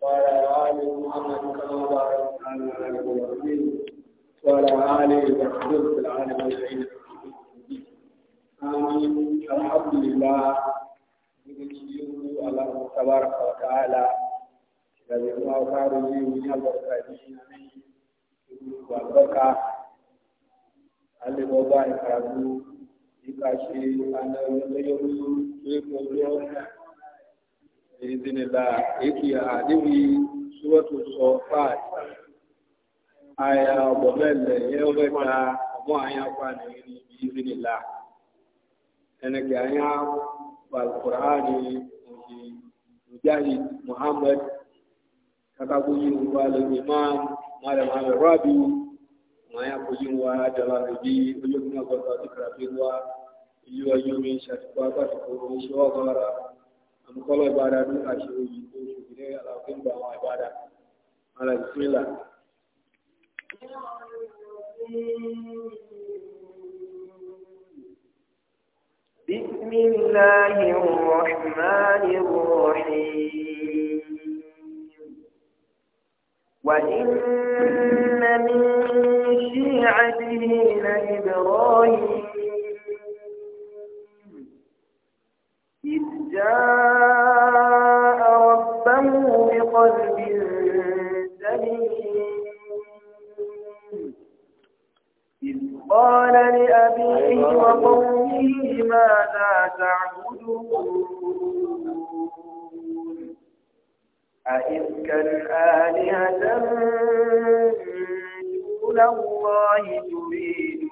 وعلى آل محمد كما باركت على آل إبراهيم وعلى آل وصحبه في العالم العين آمين الحمد لله يجيب الله تبارك وتعالى الذي هو خير لي من البركات والبركة اللي بابا يقرأ يقرأ شيء أنا يقرأ شيء يقرأ بإذن الله إكي أعلمي سورة الصفات àyà ọ̀bọ̀mẹ́lẹ̀ yẹ ọ bẹ́ẹ̀ ta ọmọ àyà pa nìyẹn ní ibi nìlá ẹnìkẹ́ àyà balùkùránì òjì mujahid muhammed kakakuyi wa lórí imam malam ahmed rabi wọn yà kuyi wa jọba rẹbi olóògùn ọgọta ti kàràbí wa ilé ọyọ mi ṣàtìkọ abàtìkọ oníṣẹ ọgọra àmúkọ́lọ́ ìbáda ní àṣírí yìí tó ṣòfin ní àlàáfíà gba àwọn ìbáda ara ìsìnlá. بسم الله الرحمن الرحيم وإن من شيعته لإبراهيم جاء ربه بقلب سليم إذ قال لأبيه وقومه ماذا تعبدون أئذكا آلهة دون الله تريدون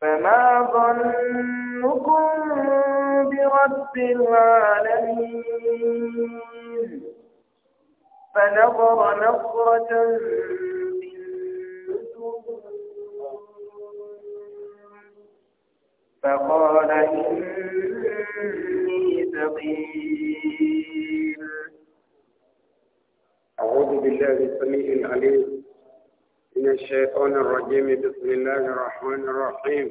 فما ظن أمكم برب العالمين فنظر نظرة فقال إني سقيم أعوذ بالله السميع العليم من الشيطان الرجيم بسم الله الرحمن الرحيم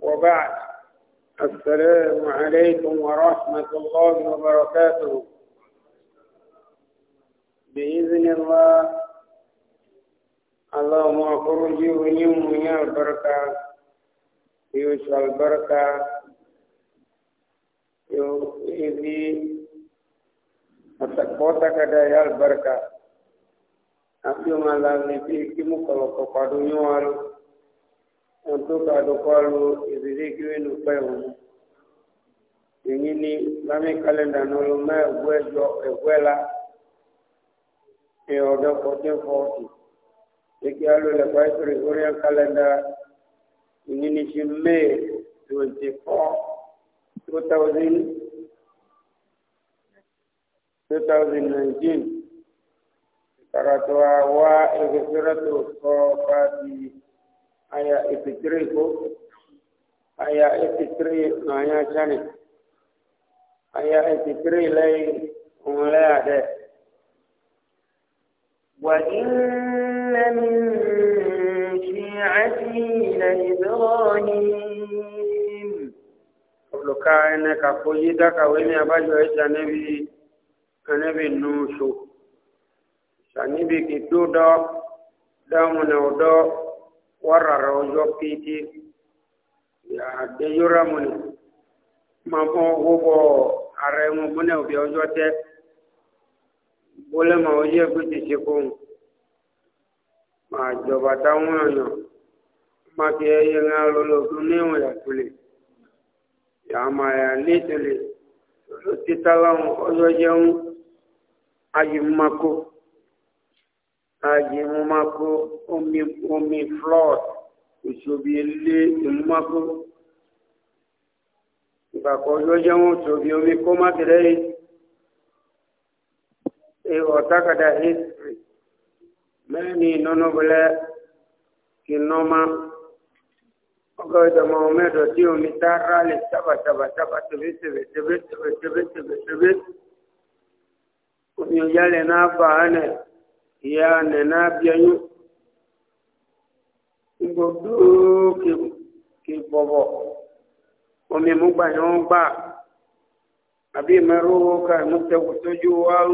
وبعد السلام عليكم ورحمة الله وبركاته بإذن الله اللهم أخرج ونم يا البركة يوسف البركة يوسف kota دايا البركة أبيو مالا نبيكي مكالوكو قدو نوالو ontoka adokwalo ebireke wenu kpewo enyini lami kalenda n'oluma egwejo egwela eodo 1440 ekialo le kwaito gregorian calendar enyini chi may 24 2000 2019 karatoa wa egeseratu ko fatihi aya 83 ko aya 83 na aya chane aya 83 lai umle ade wa inna min shi'ati la ibrahim kablo ka ene ka kujida ka wemi abajo echa nebi kanebi nushu sanibi kidudo damu na udo warara ọjọ́ kéde àgbẹ̀yọ́ra mọ̀nì máa mọ́ owó ààrẹ wọn bọ́nẹ̀ òbí ọjọ́ tẹ́ bólẹ́mọ̀ ọjọ́ ẹgbẹ́ ti ṣe kóhùn máa jọba táwọn èèyàn máa fi ẹyẹ ń lọ́lọ́dún níwọ̀n yàtúlẹ̀ yàmàyà nítorí ló ti tá láwọn ọjọ́ jẹun ayé mako aji mumako omi omi flood òṣòbí ilé ìmúmako ìgbàkọ ọjọ́ jẹ́ wọn òṣòbí omi kó má kẹrẹ́ yìí e, ọ̀tàkàdà history mẹ́rin nínú bọ́lẹ̀ kì nọ́mà ọgọ́ ìdọ̀mọ̀ mẹ́rọ tí omi tá rálì tábàtàbàtàbà tẹ̀bẹ̀tẹ̀bẹ̀tẹ̀bẹ̀tẹ̀bẹ̀tẹ̀bẹ̀tẹ̀bẹ̀ omi ò yálẹ̀ náà fà á náà ya nena bianyu gbogbo ke bọbọ omi mú gbà yẹn ń gbà àbí mẹrù ká mú tẹwù tójú wa ń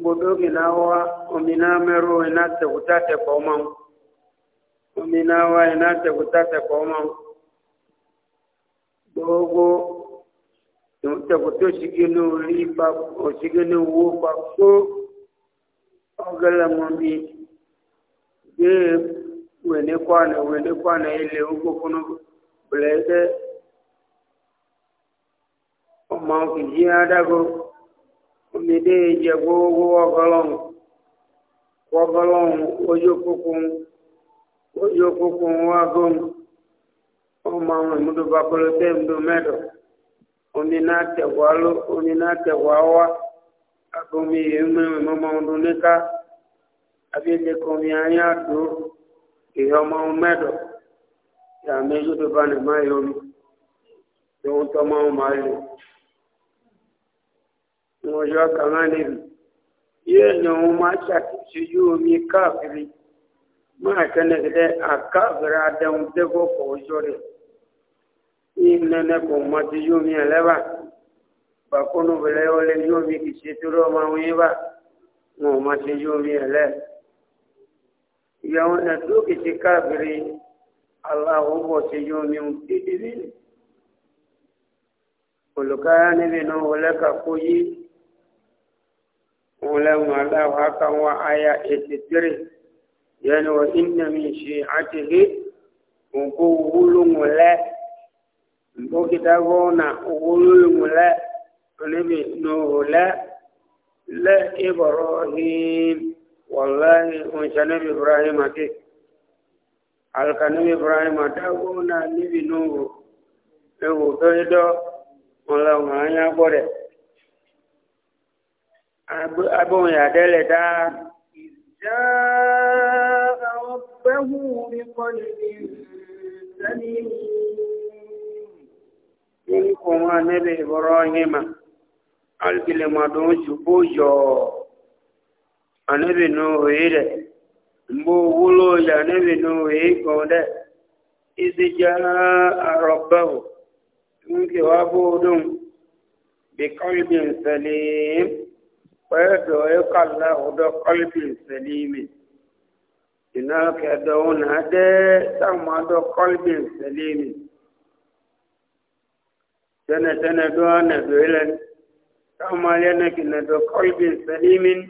gbogbo ke náà wá omi náà mẹrù iná tẹwù tá tẹkọ ọmọ omi náà wá iná tẹwù tá tẹkọ ọmọ gbogbo tẹkọtọ ṣìgẹlẹ orí papọ ṣìgẹlẹ owó papọ ọgẹlẹmọbi gbé wẹlé kwana wẹlé kwana ilẹ ogbó fúnú bẹlẹdẹ ọmọ kìí adágó omidé jẹ gbogbo ọgọlọrun ọgọlọrun ojú kúkún ojú kúkún wágọm ọmọ àwọn ìmúdó bakọlọtẹ ìmúdó mẹdọ. onina tewalo te tewawa akomi yume mama ondunika abile komi anya do ihoma umedo ya meju do bane mayomi don to ma o mali ngojo kanani ye no ma chati siju mi kafiri ma kana de ko jore inna nana ko mati yomi alaba ba kono bele ole yomi ki seturo ma wiba mo mati yomi ale yawon na to ki ti kafiri allah wo ti yomi un olukaya ni bi no ole ka koyi ole mo ala wa kan wa aya 83 yani wa inna min shi'atihi ko wulun wala bókítà gbọ́nà owó lóyún lẹ́ níbi nùhù lẹ́ lẹ́ ìbọ̀rọ̀ hìm wàláhì oúnjẹ níbi ibrahim àti alùkà níbi ibrahim àdágbọ́nà níbi nùhù ewu dọ́yídọ́ wọn lọ wọn á yá gbọ́dẹ̀ abóhùn yàtẹ́lẹ̀ dáa ìjáà àwọn pẹ́hùn orí kọ́ni ní sẹ́ni yìí. yoni ko wa nebe ibrahima alkile madon chupo yo anebe no ire mbo wulo ya nebe no e ko de izija rabbahu nke wa bodun bi qalbin salim wa do yakalla e do qalbin salimin ina ka dauna de tamma do qalbin salimin tene tene do ne do ilen kama le ne ki ne do qalbin salimin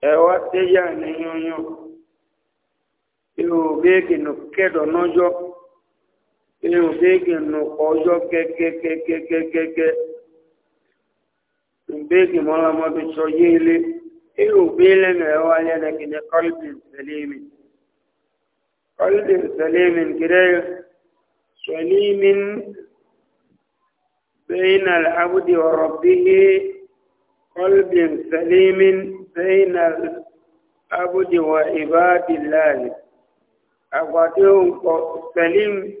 e wa te ya ne yonyo yo be ki no kedo nojo yo be ki no ojo ke ke ke ke ke ke ke be mala mola mo bi so yele yo be le ne wa le ne ki ne qalbin salimin qalbin salimin kire salimin بين العبد وربه قلب سليم بين العبد وعباد الله أقواتهم سليم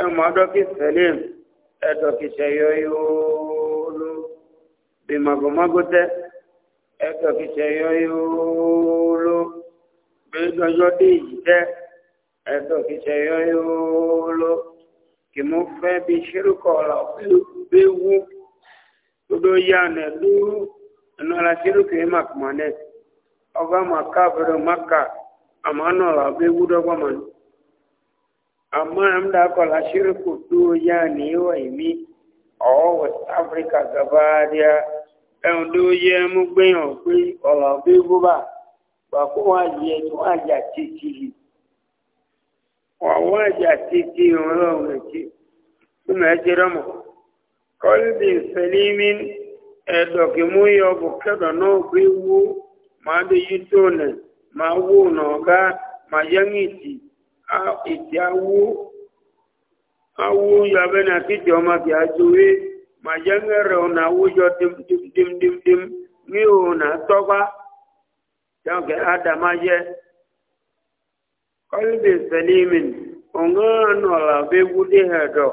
أمدك سليم أدك شيئيولو بمغمغت أدك شيئيولو بيدوجوديجت أدك شيئيولو كمفبي شركة الله bewu todo ya ne duru no la siru ke mak mane oga maka maka amano la bewu do kwa man amma amda ko la siru ku do ya ni e wa imi o west africa gabadia ẹ̀hùn tó yẹ mú gbéyàn pé ọ̀rọ̀ bí búbá kọ́lùdì sẹ́límì ẹ̀dọ̀kì mú yọ bùkẹ́dọ̀ náà bí wú máa bí yí tó nẹ̀ máa wú nàgá máa yẹ́n ìtì ìtì awú awú yọ abẹ́nà kíjọ ọmọ kì á jowé máa yẹ́n ẹ̀rẹ̀ ọ̀nà awúyọ dìmdìmdìmdìm ní òun àtọ́gbá jáǹkẹ́ ádámáyé kọ́lùdì sẹ́límì òun náà nọ̀là bí wú dé ẹ̀dọ̀.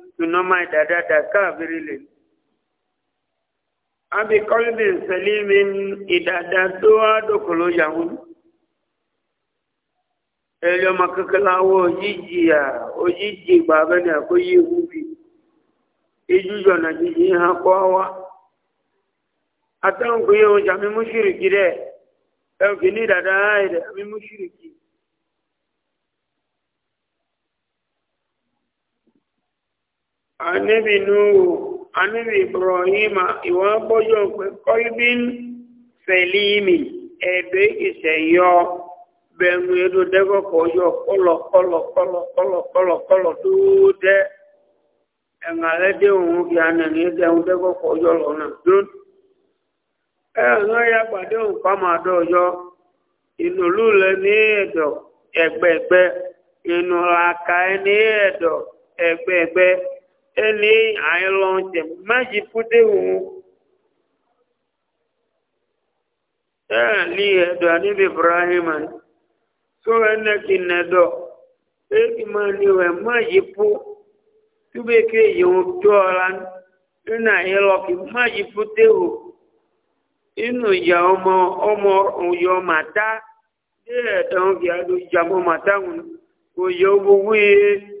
tunoma idadada kaabiri le abi kọlbi nsẹlimi idada tó a dokolo yahu elioma kekela wo ojiji a ojiji gbabe na ko yi wubi ijujo na jiji ha kọ wa atanku yi o jami mushiriki dẹ ẹnkini dada ayi dẹ ami mushiriki. anibi nuhu anibi ibrahima ìwọ gbọjọ pé kọlbin sẹlíìmì ẹdọ ìṣẹyọ bẹnu edo dẹgọkọ ọjọ kọlọ kọlọ kọlọ kọlọ kọlọ kọlọ dúdẹ ẹnà alẹ dé òun kí anani dẹun dẹgọkọ ọjọ lọnà dún ẹnà ya gbàdé òun pàmò àdó ọjọ ìnùlù lẹ ní ẹdọ ẹgbẹgbẹ ìnùlàkà ẹ ní ẹdọ ẹgbẹgbẹ. ele àìlọ tẹ̀ má ṣe fúdé òun ẹ̀ lé ẹ̀dọ̀ àníbi ibrahim tó ẹnẹ́ kí n ẹ̀dọ̀ èyí máa ma ẹ̀ má ṣe fú túbẹ̀ kí èyí òun tó ọ̀la nínú àìlọ kí má ṣe fúdé òun ọmọ ọmọ òyọ mata dé ẹ̀dọ̀ òun kì í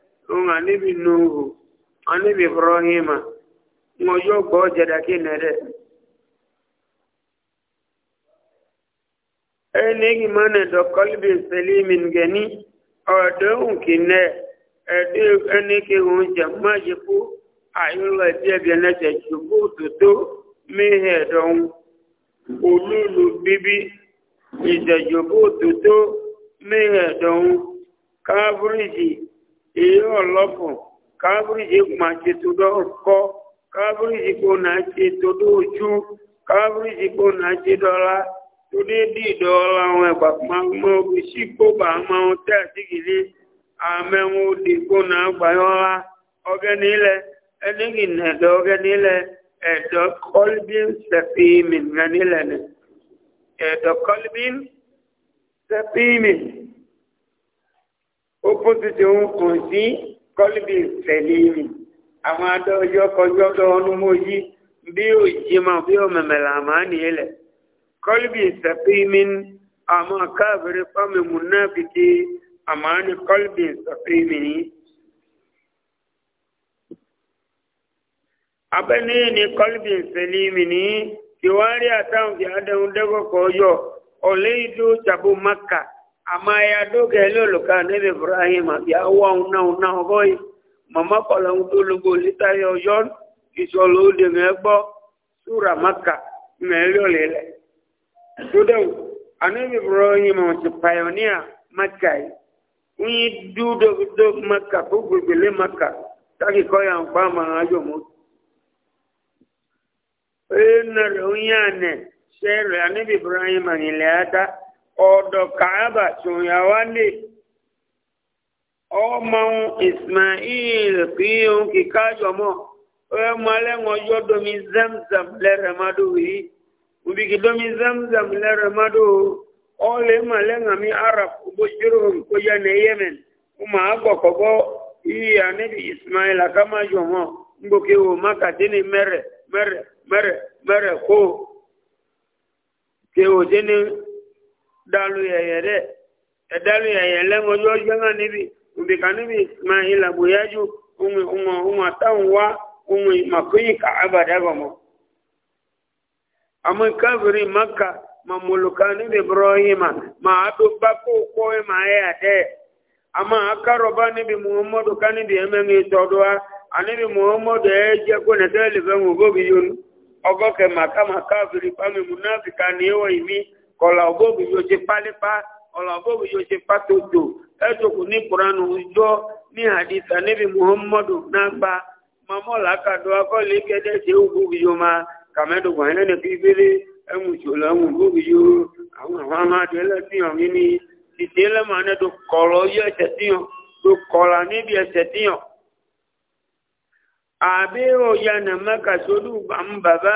nga níbi nuhu a níbi ibrahima wọn yóò gbọ́ jẹ́dá kí nẹ́rẹ́ ẹnìyí máa nẹ̀ dọ̀kọ́lùbì sẹ́límì gẹ̀ní ọ̀dọ́ òǹkì nẹ́ ẹ̀dẹ́ ẹnìkí oúnjẹ máa yẹ kó àyọ̀lọ̀ ẹ̀dí ẹ̀bí ẹ̀nẹ́sẹ̀ ihe ọlọpụ káàbùrìjì ma ṣe tó dọ́kọ́ káàbùrìjì kò náà ṣe tó dị káàbùrìjì kò náà ṣe dọ́lá tó dé bí ìdọ́ọ̀la àwọn ẹ̀gbà máa mọ sí kóbà máa tẹ́ àtìgìlì àmẹ́wọn òde kò ọganile opposite òun kò sí kọ́líbì tẹ̀lé àwọn adọ́jọ́ kọjọ́ tó ọdún yí bí ó jí ma bí ó mẹ̀mẹ̀lá máa káàbìrì náà fi ti ní kọ́líbì sẹ̀pí abẹ́ni ní kọ́líbì sẹ̀lí mi ama ya doge lolo ka nebe ibrahim ya wa una una hoy mama kola udulu bolita yo yon isolo de megbo sura makka me lolele tude anabi ibrahim was pioneer makka ni dudo do makka makka ko ya pa ma ajo ibrahim ni ọ̀dọ̀ kàábà ṣòyàwá lè ọmọ ismail kí òun kìka jọmọ́ ọmọ alẹ́wọ̀n yọ domi zamzam lẹ́rẹ̀mádò yìí òbí kì domi zamzam lẹ́rẹ̀mádò ọ̀lẹ́ màlẹ́wọ̀n mi arab bó ṣírò kó yá ní yemen ó máa gbọ̀kọ̀ bọ́ yìí ànẹ́bí ismail àkàmá jọmọ́ ngbòkè wò mákàtí ni mẹ́rẹ̀ mẹ́rẹ̀ mẹ́rẹ̀ mẹ́rẹ̀ kó kéwòdé dalu yẹyẹ dẹ ẹdalu e yẹyẹ lẹ ŋɔdzi ɔdzɛŋa níbi nbika níbi ismaila boyaju ŋun ŋun ŋun atahun wa ŋun makoyin ka abada gɔmɔ amu kaviri maka ma muluka níbi ibrahima ma ado bako kɔɛ ma yɛ adɛ ama akarɔba níbi muhammadu ka níbi ɛmɛŋi tɔdoa anibi muhammadu yɛ dze ko nɛtɛ lefɛ ŋun bobi yonu ɔgɔ kɛ maka ma kaviri kpami munafika ni ewɔ yi mi kọlọ ọgọgùn yóò ṣe pálípá ọlọ ọgọgùn yóò ṣe pátójò ẹtùkù ní kuranu ìjọ ní àdìsá níbi muhammadu nàgbà mamọ làkàdọ akọlẹ kẹdẹ ṣe ògùn yóò máa kàmẹdùkọ ẹni ní kíkiri ẹmu ṣòlọ ẹmu ògùn yóò àwọn àwọn amáàdé ẹlẹsìnyàn mi ní ìdí ẹlẹmọ ẹni tó kọlọ yọ ẹsẹ tìyàn tó kọlà níbi ẹsẹ tìyàn àbí òyà nàmẹkà sódù àmú bàbá.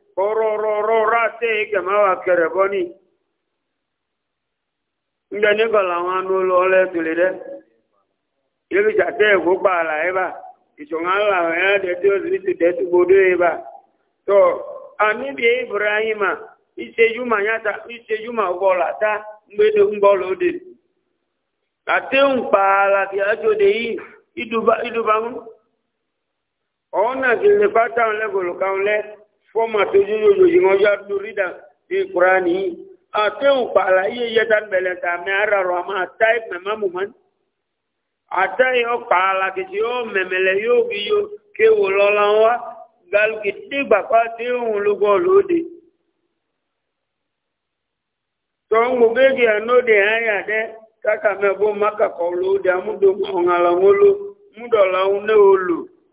rọrọrọrọ ase kẹmẹ wa kẹrẹ bọni ŋdɛ nígbàlá wọn anú lọlẹ tòlè dɛ yébi tsatẹ ẹkó gba la e ba ìtsọ̀ŋà la yẹ dẹtí ọsibítù dẹtí gbódó yẹ e ba tọ anibi ibrahima e ìsejú ma nyata ìsejú ma gbọ la ta de adzo iduba iduba ŋu fọ́mà tó yóò yóò yìí wọ́n yá lórí dà ní kúránì yìí àtẹ́wò pààlà yìí yẹ tán ara rọ̀ àmà àtàyè mẹ̀má mùmán àtàyè ọ̀ pààlà kìtì yóò mẹ̀mẹ̀lẹ̀ yóò fi yó kéwò lọ́la wá gàlùkì dìgbà pàtẹ́ òun lóde. maka lóde amúdó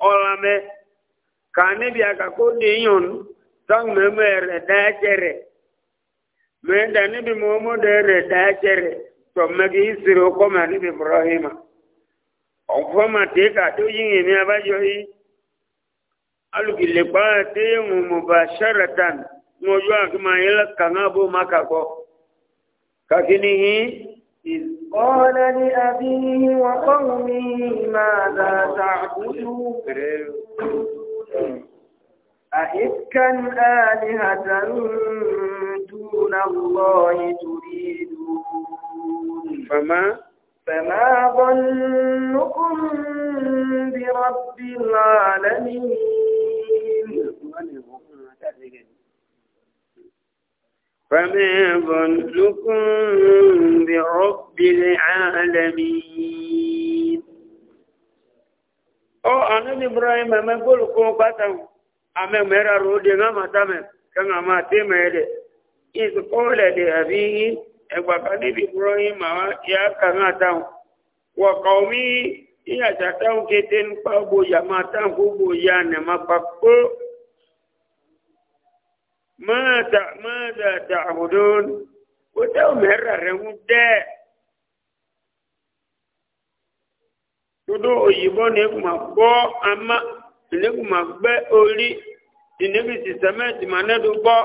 wọn kanebi aka ko deyon sang memere dachere me danibi momo dere dachere to magi isiro ko alugile mu mubasharatan ngojo akima ila kangabo makako kakini hi قال لأبيه وقومه ماذا تعبدون أئفكا آلهة دون الله تريدون فما فما ظنكم برب العالمين فما ظنكم برب العالمين o anan ibrahim me gol ko patan ame mera ro de na mata me kan ama te me de is qala li abihi egba kan ibrahim ma ya kan atan wa qaumi iya jatan keten pa bo ya mata ko bo ya ne ma pa ko ma ta ma da ta'budun ko ta mera re mu de todo òyìnbó ni kò máa gbọ́ ama ni kò máa gbẹ́ orí ìnébì sì sẹ́mẹ́ǹtì máa nẹ́dùn gbọ́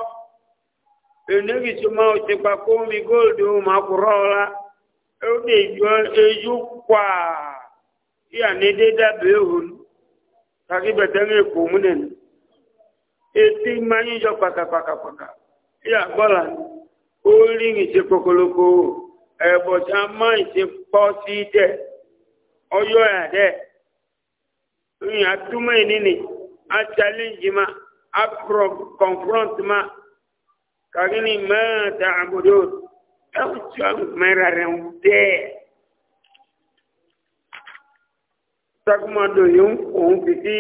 ìnébì sì máa ti pa kómi góòlù máa kúrọ́ ọ̀la ó lè jọ ejú kwà kí ànídé dábìí òhun kàkí bẹ̀tẹ̀ ní èkó múnẹ̀ ni etí máa ń yíyọ pàkàpàkàpàkà kí àgbọ́là ó rí ìṣe kokoloko ẹ̀bọ̀tà máa ń ṣe pọ́ sí dẹ̀ ọyọ ya dẹ nya tuma yi nini a challenge ma a pro confront ma kagini ma ta abudu ẹwù tí wọn mẹra rẹ ń dẹ sakumado yi òun fìdí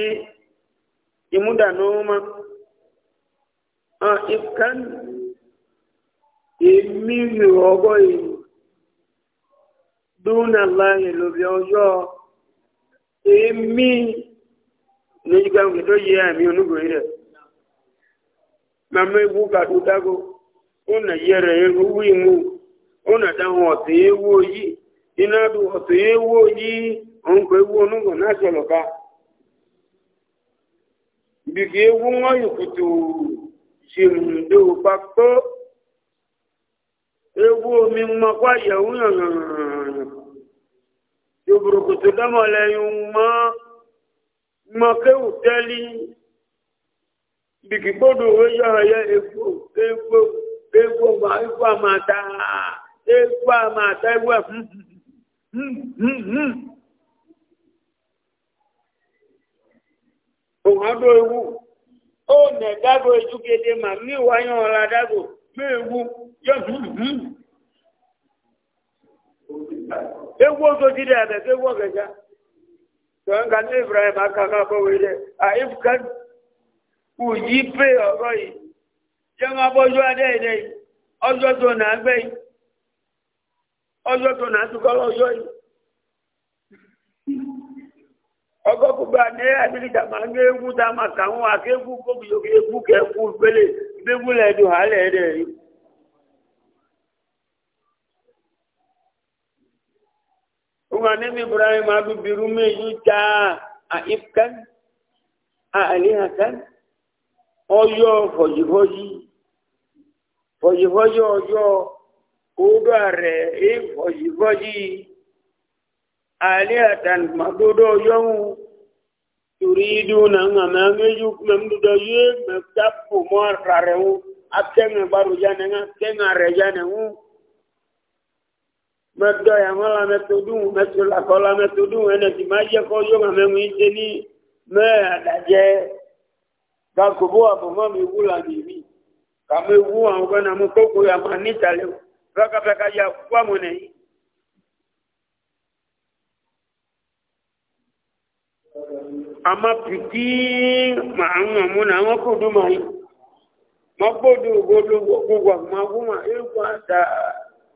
ìmúdànù ma ìkan èmi mi ọgọ yìí. dúnà emi lóbi ọjọ́ èémí ní gbàgbé tó yẹ àmì onígbòrí rẹ̀ màmá ewu kàdú dágó ó nà yẹ rẹ̀ eru wíìmù ó nà dáhùn ọtụ ewu yìí iná dùn ọ̀sẹ̀ ewu yìí òun kò ewu omi mmakwa yẹ̀wù yànnànà yòbùrùkùtù dámọ̀lẹ̀ yìí mọ́ mmakéwù tẹ́lí bìkìgbódò owó yọ ẹyẹ egbò egbò egbò ma egbò àmàtà egbò àmàtà egbò ẹ̀fún òun adó ewu ó nẹ̀ dágò ejúkede mà mí wáyọ̀ ọ̀la dágò mí ewu. Ewu oge dị ebe ewu oge ja. Tọ́ nga ndị aka ga wee dị, a ka uyi pe ọrọ yìí. Jẹ́n abọ́jú adé yìí dẹ́yìí, ọzọ tó nà gbẹ́ yìí. Ọjọ́ tó nà tukọ́ ọjọ́ yìí. ọgọ gbogbo àná àbílíkà ka ma nemi Ibrahim adu birume yuja aifkan alihatan yo, fọjifọji fọjifọji ọjọ kódà rẹ é fọjifọji e alihatan madodo yọhun turidu na nga mẹ méjú mẹmúdọ yé mẹ dápò mọ rà rẹ wọn akẹ́ńgà gbàrú jáde nga kẹ́ńgà rẹ jáde wọn mẹtọ yà mọ la mẹtọ dùn mẹtọ la kọ la mẹtọ dùn ẹnẹ tì má jẹ kọ yọ màmẹ mu ìdè ní mẹ àdàjẹ kakobo àbọmọ mi wú la mi mi kàmi wú àwọn kan náà mo kókò yà má níta lẹ o pẹkapẹka yà fún àwọn nẹ yìí. àmà pìtì màá ń mọ̀ mọ́ náà wọ́n kò dùn màá yìí mọ́ gbọ́dọ̀ gbogbo àgbọ̀n àgbọ̀n àgbọ̀n àgbọ̀n àgbọ̀n àgbọ̀n àgbọ̀n.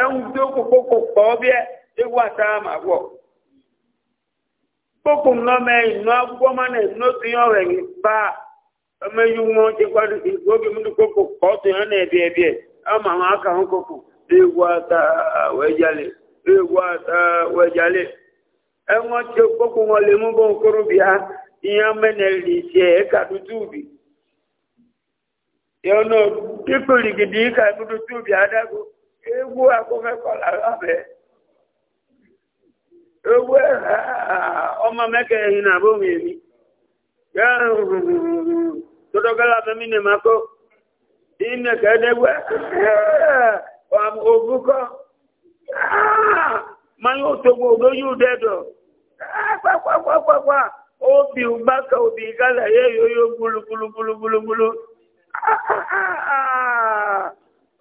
ẹ̀hún tó kókó kò pọ̀ bíẹ́ ewu àtàmà wọ̀. kókò ńlọmọ ìnú agbọ́ máa nà ìnú tó yàn rẹ̀ ní bá ọmọ yìí wọn ti gbádùn ìgbó bí na ní kókò pọ̀ tó yàn ẹ̀ kókò ewu ẹ̀jálẹ̀ ewu ẹ̀jálẹ̀ ẹ̀wọ̀n tí kókò wọn lè mú bọ́n ìyá mẹ́nẹ̀ lè ṣe yọ̀nà egwu akụmekọla abe egwu ọma meke ehi na abụ memi todogala be mine mako ime ka edegwe oguko manya otogbo ogoyi udedo kpakpakpakpakpa obi ụgbaka obi gala ya eyoyo gburugburu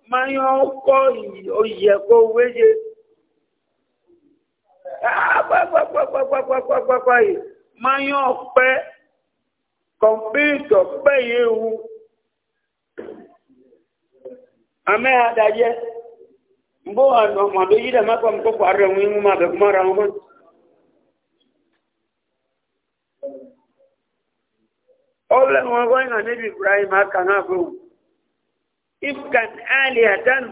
mmanya ọkọ oyè kó wéye agbagbagbagbagbagbagbagbagbagbagba ah, yìí mmanya ọpẹ ewu mbọ ifkan alihatan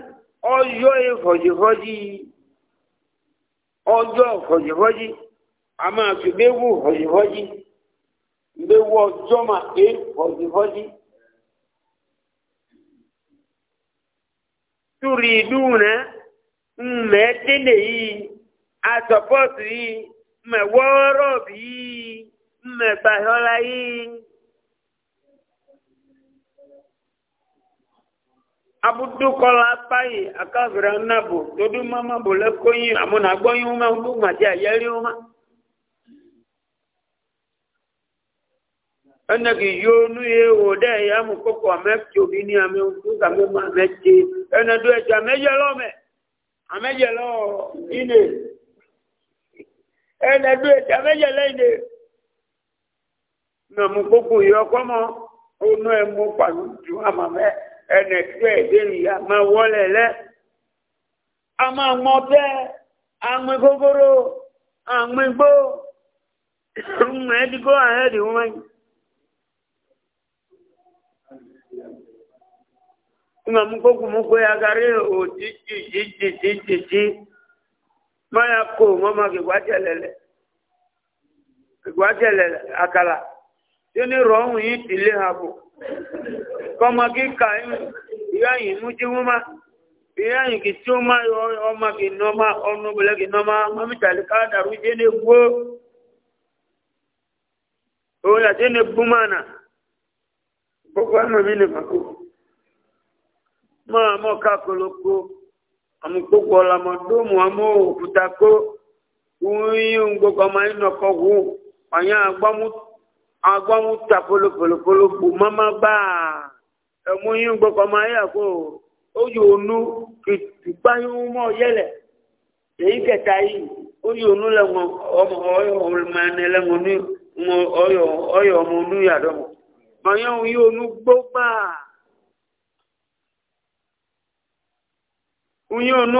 ọjọ́ ìfọ̀jìfọ́jì ọjọ́ ìfọ̀jìfọ́jì a máa fi gbéwò ìfọ̀jìfọ́jì gbéwò ọjọ́ mà pé ìfọ̀jìfọ́jì. túrì ìdúnà mẹ́tẹ́lẹ̀ yìí àtọ̀pọ̀tù yìí mẹ́wọ́rọ̀ yìí mẹ́gbàhọ́lá yìí. abudu kɔla payi akavra nabo todu mama bo lɛ konyi amuna gbɔnyi wuma ŋdu mati ayɛli wuma ɛnɛki yo nu ye wo dɛ yamu koko ame tsobi ni ame ŋdu kame ma ame tsi ɛnɛ do ɛtsi ame yɛ lɔ mɛ ame yɛ lɔ ine ɛnɛ du ɛtsi ame yɛ lɛ ine mɛ mu koko yɔ kɔmɔ onu ɛmu kpanu du ama mɛ. ẹnẹ̀kẹ́ ìdérí a máa wọlé lẹ́ a ma mọ bẹ́ẹ̀ àmì gógóró àmì gbó ọmọ ẹbí go ahead wọn mú mú pé agarí òtí jìjìjìjìjì máa ya kó mọ́ máa kìgbàjẹ̀lẹ̀lẹ̀ kìgbàjẹ̀lẹ̀ àkàlà tí ó ní tìlé kọ́mọ kí kàáyìn ìyáyìn mú tí wọ́n má ìyáyìn kì tí ó n'ọma ọmọ kì gị ọmọ obìnrin kì nọ́má mọ́mítàlì káàdàrú jẹ́ ní gbó na àti ní gbó mánà gbogbo ẹ̀mọ̀ mi ní agbọ́n ta polopolopolo kò mọ́mọ́ bá a ẹ̀mú yín gbọ́kọ̀ máa yà kó o yóò nu kìtìpá yín mọ́ yẹlẹ̀ èyí kẹta yìí o yóò nu lẹ́wọ̀n ọmọ ọyọ ọmọnẹ lẹ́wọ̀n ní ọyọ ọyọ ọmọ onú yàtọ̀ mọ́ màyà òun yóò nu gbó gbà òun yóò nu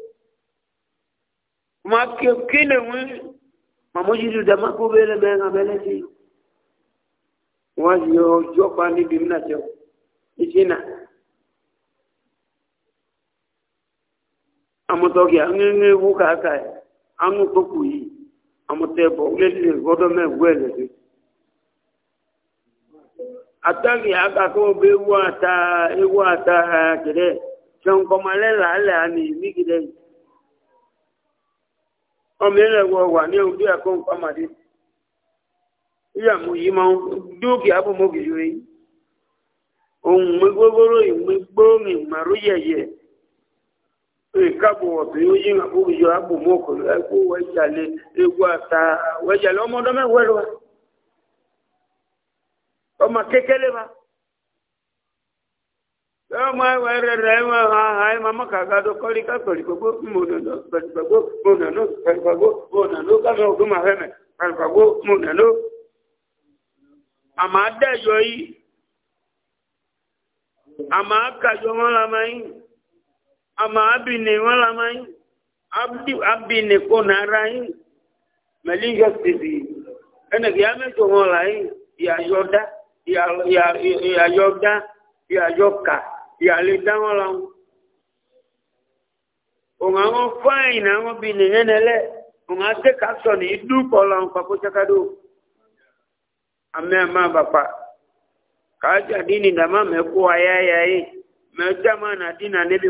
ma kene wi ma mo jiru da ma ko bele be nga bele ti wa yo jo pa ni bi na jo isina amoto ki an ngi wu ka ka an ko ku yi bo le me ti aka ko be wa ta e wa ta kire ọmọ ẹlẹwọ wà ní dị ẹkọ nkwamadi yíyà mú yìí máa ń dúkìá bò mọ gèjò yìí ohun mẹgbẹgbẹrọ ìwé gbóòmì màrú yẹyẹ ìkábò ọ̀tún yóò yín àbúrò àbò mọ ọkọlù ẹkọ wẹjàlẹ ewu ma wẹrẹ rẹ ma ha ha ma ma kaka do kọli ka kọli gbogbo mọnano kọli gbogbo mọnano kọli gbogbo mọnano kama o gbọmọ fẹmẹ kọli gbogbo mọnano ama dẹ yọ yi ama kajọ wọn la ma yi ama abine wọn la ma yi abdi abine ko nara yọ sisi ẹnẹkẹ ya mẹjọ wọn la yi yà yọ da yà yà yàlẹ dáwọn la ŋu òun àwọn fáìn àwọn bíi nìyẹn nílẹ òun àti kásọ ní dúpọ la ŋu pàpọ tsakadó amẹ àmà bàpà káàjà dínì dàmà mẹkọ ayáyáyé mẹjàmà nà dínà níbi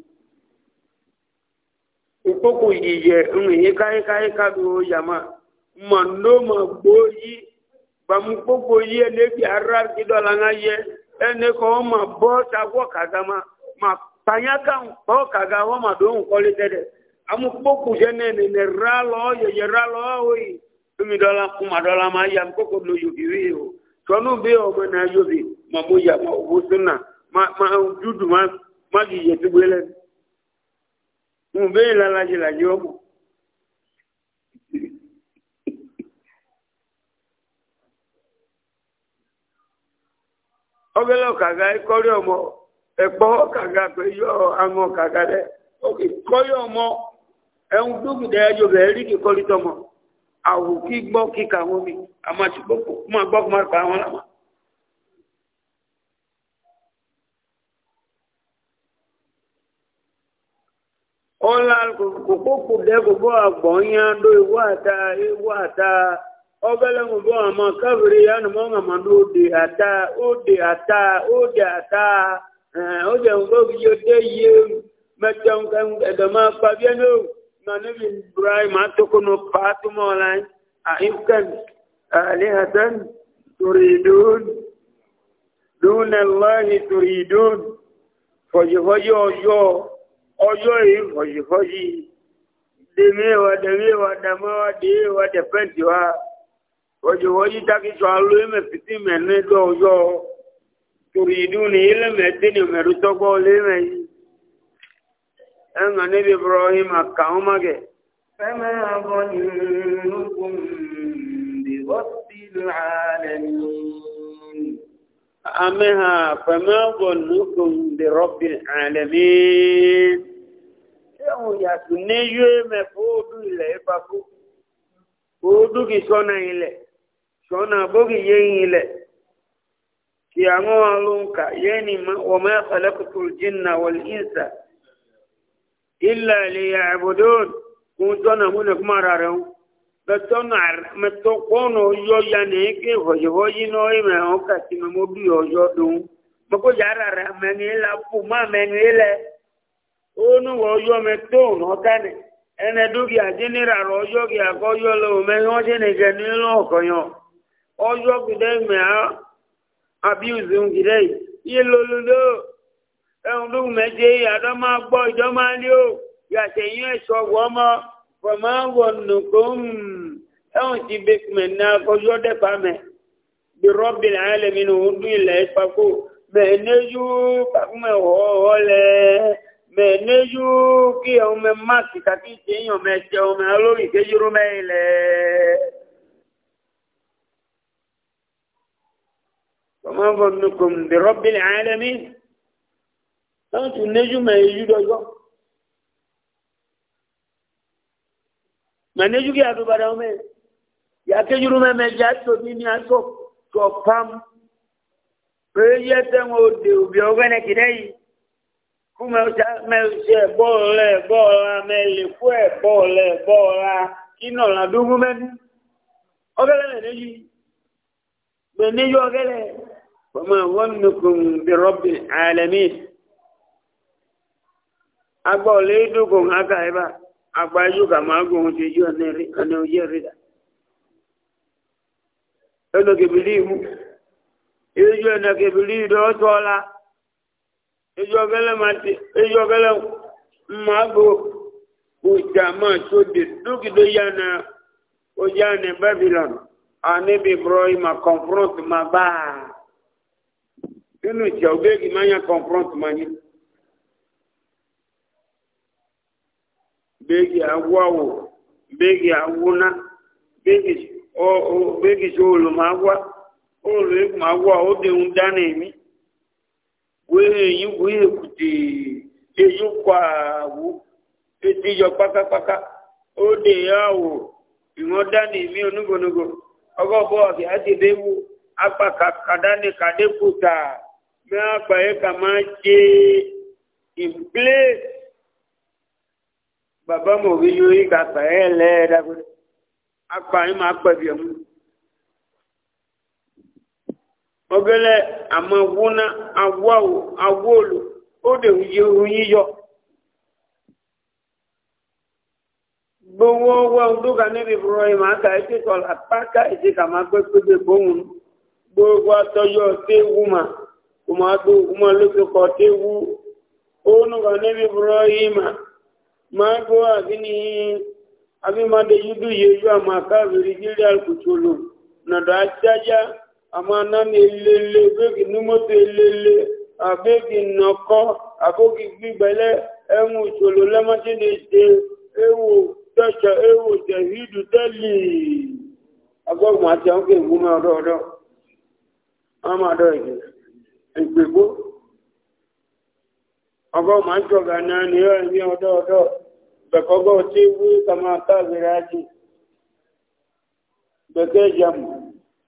ukpoku yiyɛ nri yi ka yi ka yi ka do yama ma gbo yi bamu gbogbo yi ne bi ara yi dɔ la ŋa yɛ ɛnɛ kɔ ma bɔ sagbɔ kaza ma ma panya ka bɔ kaza wɔ ma do tɛ dɛ amu kpoku yɛ ra lɔ yɛyɛ ra lɔ dɔ la kuma dɔ la ma yam koko yobi wi o tɔnu bi o na yobi ma mo yama o bo ma ma ma ma yɛ mo bẹ́ẹ̀ lálàjì làjì ọmọ. ọbẹ̀lẹ̀ o kọ́rí ọmọ ẹpọ kàga pé yọ àwọn kàga rẹ òkè ọmọ ẹun dúkìdá ẹjọ́ bẹ̀ẹ́ rí kí tọmọ àwòkí gbọ́ kíkà wọn mi àti máa máa pa àwọn làwọn. ọlá kòkòkò dẹ́gbogbo àgbọ̀nyá dó ya na ìwọ àta ọgẹ́lẹ́gbogbo àmọ́ káfìrí yánumọ́ ata òdè ata òdè àta òdè àta òdè ògbógi nke dé yé mẹ́tẹ́ ẹ̀dọ̀mọ́ pàbíẹ́nù nàníbi ibrahim atókùnú na láì ọjọ́ yìí fọ̀yìfọ̀yì dèmíwa dèmíwa dàmíwa dèéwa dẹ̀pẹ́ǹtì wa fọ̀yìfọ̀yì dákìtò alo ẹ̀mẹ̀ fìtí mẹ́ni dọ̀ọ̀yọ́ torí ìdún ní ilẹ̀mẹ̀ dínì mẹ́rin tọ́gbọ́ lẹ́mẹ̀ yìí ẹ̀ǹgà níbi ibrahim àkàwọn magẹ̀. fẹ́mẹ́ àbọ̀ nínúkùn ẹ̀hùn yàtò ní yóò mẹ́ fóódù ilẹ̀ ìpapò fóódù kì sọ́nà ilẹ̀ sọ́nà bókì yéyìn ilẹ̀ kì àwọn alóǹkà yẹ́nì wọ́n mẹ́ ọ̀lẹ́kùtù jìnnà wọ́n ìsà ilẹ̀ ilẹ̀ àbòdó kún tọ́nà múlẹ̀ kúmọ̀ ara rẹ̀ wọn mẹtọ́nà mẹtọ́kọ́nà ọyọ́ ya ní ké họ̀yọ̀họ́yí náà dùn yàrá rẹ̀ ilẹ̀ ilẹ̀. onu wo yo me to no tane ene du ya genera ro yo ya ko yo lo me ho je ne je ni lo ko yo o yo bi de me a abuse un gire ye lo lo lo e un du me je ya do ma gbo ijo ma ni o ya se yin e so wo mo fo ma wo nu kum e un ti be me na ko yo de pa me bi rabbil alamin un du ila e pa ko me ne ju pa me ho le mẹ̀ẹ́nẹ́ yóò kí ẹ̀ ọmọ máàkì kàkí ṣe èèyàn mẹ́ṣẹ́ ọmọ olórí kéjúrú mẹ́ilẹ̀ ọmọbọ̀nukùn bí rọ́bìlì àádẹ́mí láti nẹ́jú mẹ́ẹ̀yú dọ́jọ́ mẹ́ẹ̀nẹ́jú kí àdúbàdà ọmọ ẹ̀ yà kéjúrú mẹ́ẹ̀mẹ́jẹ́ àtòbí ní àtò tọ̀pam pé yẹ́tẹ̀ wọn kúmẹ̀ọ́sá mẹ́ọ̀sá bọ́ọ̀lá bọ́ọ̀lá mẹ́lẹ̀kú ẹ̀ bọ́ọ̀lá bọ́ọ̀lá iná làdúgbò mẹ́nu ọgẹ́lẹ́ lẹ́yìn gbẹ̀ndéjú ọgẹ́lẹ́ pẹ̀mọ́ wọ́nùkùn bí rọ́bì alẹ́mí agbọ́ọ̀lẹ́ ìdógún aka ẹ̀bá agbájú kàmágùn ti jú ọ̀nà òjẹ́ rídà ẹnu kẹbìlì mú ìjú ẹnu kẹbìlì ìdọ́tọ́ọ́lá eyi ọgẹlẹ ma ti eyi ọgẹlẹ bo tó de dúkìdó ya na ọjà babylon anibi ibrahim ma confront ma báa inú ìjà ọgbẹ́gì ma nya confront ma nyi. bẹ́ẹ̀gì awọ́wọ́ bẹ́ẹ̀gì awúná bẹ́ẹ̀gì sọ́ọ̀lù máa wá olùlẹ́gùn máa wá wéyí wéyí kùtì èyí kọ àwò etí yọ pátápátá ó dè yá wò ìwọ́n dání mi onígbònogbò ọgọ́ bọ́ọ̀kì àti bẹ́wò apá kàdání kàdékùtà mẹ́wàá pàyẹ e kà máa ṣe in bàbá mọ̀ wí yóò yí kà pàyẹ lẹ́ẹ̀dàgbọ́dọ̀ apá yìí máa ogele amagwụna agwolu odewuji onyiyo gbowó wọ ndúgà níbi ìfúrọ ìmọ̀ àkà ètò ìtọ́lá pàkà ma ìkàmà pẹ́pẹ́pẹ́ gbóhùn gbogbo atọ́jọ́ téwú mà kò máa tó kúmọ̀ lókè ma téwú onúgà níbi ìfúrọ ma ama nana elele abegi numoto elele abegi nɔkɔ abogi gbigbɛlɛ ɛŋu tsolo lɛmɔtsi ne se ewo tɛtsɛ ewo tɛhidu tɛli agbɔgbɔ ati awo ke ŋu mɛ ɔdɔɔdɔ ama dɔ yi egbegbo agbɔgbɔ atsɔ gana ni ɛyɛ ɔdɔɔdɔ bɛkɔgbɔ ti wu kama ka gbera ti bɛkɛ dza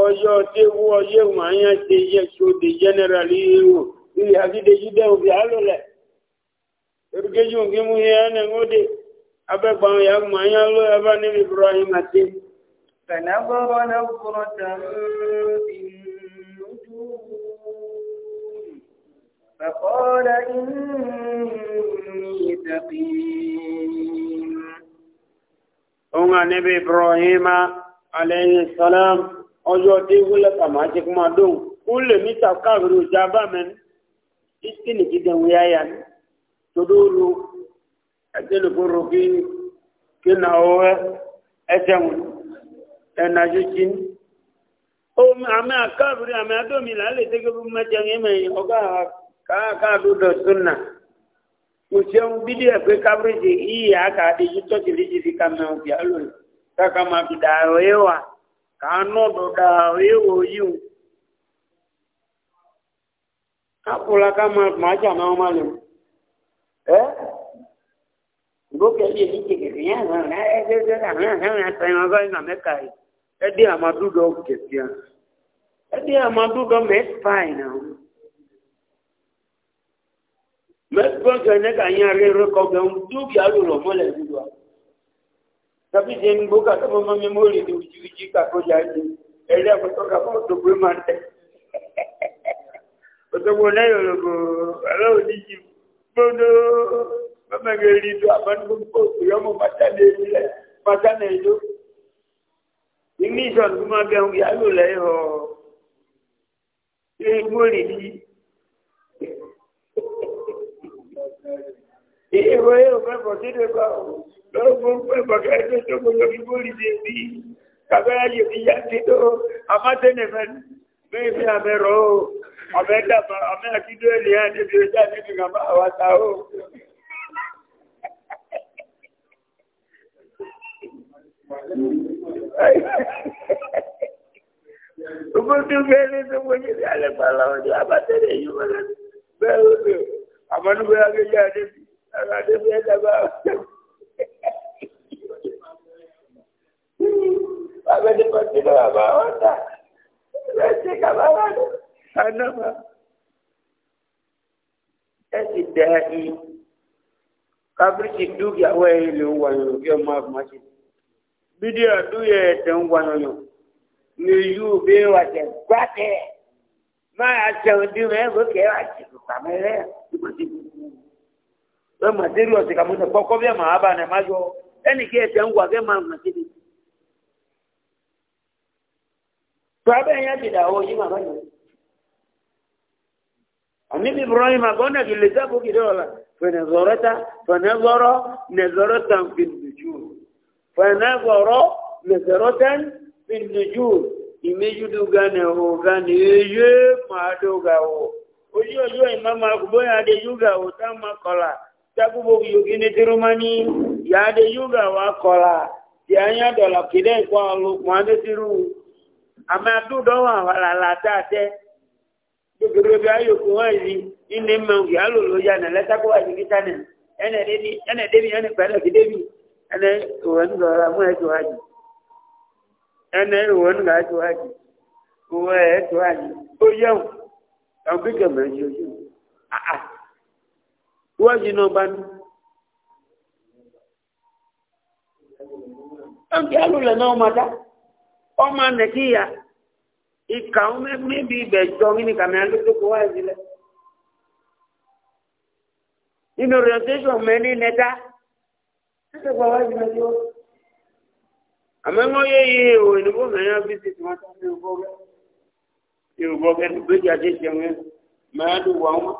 ọjọ́ tẹ́wọ́ ọjọ́ wọ̀nyá ti yẹ tó di jẹ́nẹ́rálì ihò ilẹ̀ àgídéjú dẹ́wọ̀ bí alọ́lẹ̀ erékéjì òǹkí mú yẹ ẹnẹ ńgóde abẹ́gbọ̀n ya wọ̀nyá ló ẹbá níbi ibrahim àti. kànáfọ́rọ́ náà kúrọ̀ tán فقال إني ọjọ́ dé wúlẹ̀ kàmáṣe kó máa dóhùn kó lè níta káàkiri ọjà abámẹ́ni ìsìkìnì gíga wí ayà ni tòdó lu ẹgbẹ́lẹ́gbọ́rọ̀ kí kí na ọwọ́ ẹsẹ̀wọ̀n ẹ̀nà jíjí ni. omi àmì àkáàkiri àmì àdómi là ń lè tẹ́gẹ́ fún mẹ́tẹ́ ní mẹ́yìn ọgá káàkiri dọ̀tún náà kò sẹ́wọ̀n bídí ẹ̀ pé kábírèjì yíyà kàdéjì tọ́jú lè jì fi kàmẹ́wọ̀n bíà lónìí máa fi dàrọ̀ yé wa. kàánọ̀ dọ̀dà ríro yíò kápùlá ká máa jà náà máa lè ẹ́ ìgbókẹ̀lẹ̀ ní kèkèrè na náà ẹgbẹ́gbẹ́ àwọn na àtàyàn ọgọ́ ìgbà mẹ́ka yìí ẹdí àmàdúdọ̀ kẹfìá ẹdí àmàdúdọ̀ mẹ́fàì na mẹ́gbọ́n kẹ́ tapi dia ni buka sama memori tu uji-uji kat kau jadi. Elia oh, betul kat kau tu boleh mati. Betul boleh ya lo ko. Kalau di bodo mama geli tu aban bungko tu yang membaca dia ni lah. Baca ni tu. Ini soal cuma yang dia lu lah yo. Ini boleh di. Eh, eh, lọ́gbọ́n pẹ́ bàgá ẹgbẹ́ tó kọ́ lọ́gbí bóòlì dé bí kàbáyà yẹ fi yá ti tó amátẹ́nẹ̀ mẹ́rin bẹ́ẹ̀ fi àmẹ́ rọ ó àmẹ́ dàbà àmẹ́ àkídó ẹ̀ lè hàn níbi ojú àti níbi kàmá àwa ta ó. Ogójì bẹ́ẹ̀ ló mọ̀ ní alẹ́ gbàlá ọ̀dọ̀ abátẹ́nẹ̀ yìí wọ́n lẹ́nu bẹ́ẹ̀ ó lò àmọ́ níbo yá kéjì àdébí àdébí ẹ̀ dàbà ọ̀dọ̀. Abẹ́dẹ́ pàṣẹ lọ bàbá wọn dà. Ẹ ṣe kàbá wà ní ànámà. Ẹ ti dẹ i. Kábíríkì dúkìáwó ẹ̀ ló ń wà yòó kí ọmọ àfọmọ́sí. Bídí àdúyẹ ẹ̀tẹ̀ ń wà yòó. Mi yóò bí wà jẹ gbàtẹ́. Máa jẹun dín mẹ́ bó jẹ kàmẹ́rẹ́. Ìgbà tí bẹ́ẹ̀ màtẹ́rì ọ̀sẹ̀ kàmú sọ kọ́kọ́ bẹ́ẹ̀ màá bà ní àmájọ ẹnì kí ẹsẹ̀ ń wà kẹ́ máa mà síbi. tó abẹ́ yẹn ti dà ọ́ yí màmá yẹn. àní bí ibrahim àgọ́nà kì lè sábò kì dọ́ ọ̀la fẹ̀nẹ̀zọ̀rọ̀ta fẹ̀nẹ̀zọ̀rọ̀ nẹ̀zọ̀rọ̀ta fi nùjú fẹ̀nẹ̀zọ̀rọ̀ nẹ̀zọ̀rọ̀ta fi nùjú ìmẹ́júdúganẹ̀ ọ̀ganẹ̀ eyé màá dọ́gà ọ̀ ojú ọjọ́ ìmọ̀ máa kú bóyá adé yúgà ọ̀ tá máa kọ̀là. yogi yogini tirumani yade yuga wa kola ti anya dola kide kwa lukmane tiru ama du dowa wala lata te dogere bi ayo ko wazi inde mangi alolo ya na leta ko wazi kitane ene deni ene deni ene pele kidebi ene won dola mu eto waji ene won ga eto waji ko wọ́n yìí náà bá ní. ẹnbí alùlẹ̀ náà máa dá ọmọ nàìjíríà ìkà ọmọ ẹbí ibẹ̀ jọ nínú kàmí alójókòó wáyé sílẹ̀. nínú orientation mẹ́ni nẹ́ta ṣẹ́gbọ́n wáyé sílẹ̀ tí ó. àmọ́ wọ́n yé iye ìwò ìdìbò mẹ́rin bí ti tí wọ́n tán ní ìwò bọ́ọ̀gẹ́. ìwò bọ́ọ̀gẹ́ ní gbéjà dé ṣẹ́wọ́n máa dùn wọ́n wọn.